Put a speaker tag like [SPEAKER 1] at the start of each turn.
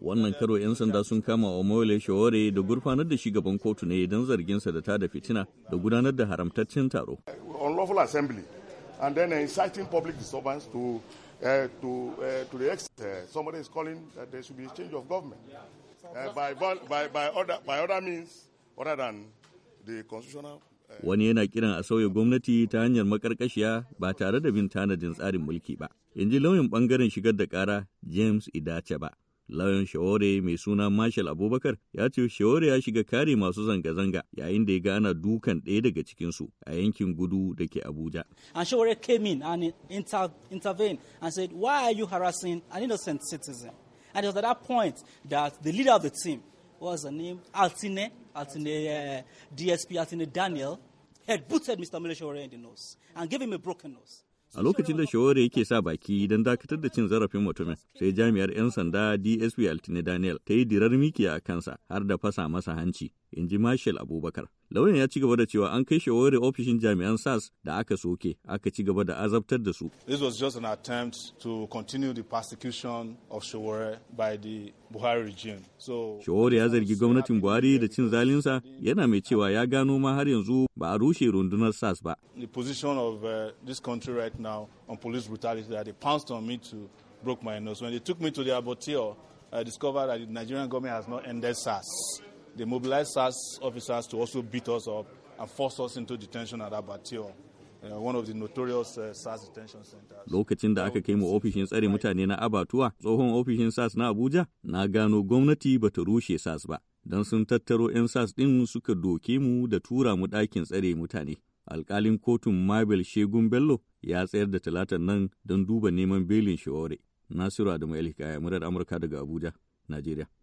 [SPEAKER 1] Wannan karo 'yan sanda sun kama Omoyole Shawore da gurfanar da shi gaban kotu ne don zarginsa da tada fitina da gudanar da haramtaccen taro.
[SPEAKER 2] Unlawful assembly and then public disturbance to uh, to uh, to the eh, of government uh, by, by by the constitutional
[SPEAKER 1] Wani yana kiran a sauya gwamnati ta hanyar makarkashiya ba tare da bin tanadin tsarin mulki ba. In ji lauyan bangaren shigar da kara James Idace ba. Lauyan Shawore mai suna Marshal Abubakar ya ce Shawore ya shiga kare masu zanga-zanga yayin da ya ga ana dukan ɗaya daga cikinsu a yankin gudu da ke Abuja.
[SPEAKER 3] And Shawore came in and inter intervened and said, why are you harassing an innocent citizen? And it was at that point that the leader of the team was a name Altine in the uh, eh, DSP, in the Daniel, had booted Mr. Milishore in the nose and gave him a broken nose.
[SPEAKER 1] a lokacin da shawara yake sa baki don dakatar da cin zarafin mutumin sai jami'ar 'yan sanda dsp altine daniel ta yi dirar mikiya a kansa har da fasa masa hanci in ji Marshal Abubakar. Lauyan ya ci gaba da cewa an kai shawarar ofishin jami'an SAS da aka soke, aka ci gaba da azabtar da su.
[SPEAKER 4] This was just an attempt to continue the persecution of shawari by the Buhari regime. So,
[SPEAKER 1] Shawore ya zargi gwamnatin Buhari da cin zalinsa yana mai cewa ya gano ma har yanzu ba a rushe rundunar SAS ba.
[SPEAKER 4] The position of uh, this country right now on police brutality that they pounced on me to broke my nose. When they took me to the abattoir, I discovered that the Nigerian government has not ended sas. They mobilized SAS officers to also beat us up and force us into detention at Abatio. Uh, uh,
[SPEAKER 1] Lokacin da aka kai mu ofishin tsare mutane na Abatuwa, tsohon ofishin SAS na Abuja, na gano gwamnati ba ta rushe SAS ba, don sun tattaro 'yan SAS ɗin suka doke mu da tura mu ɗakin tsare mutane. Alkalin kotun Mabel Shegun Bello ya tsayar da talatan nan don duba neman belin shawarar. Nasiru Adamu Elhika, murar Amurka daga Abuja, Najeriya.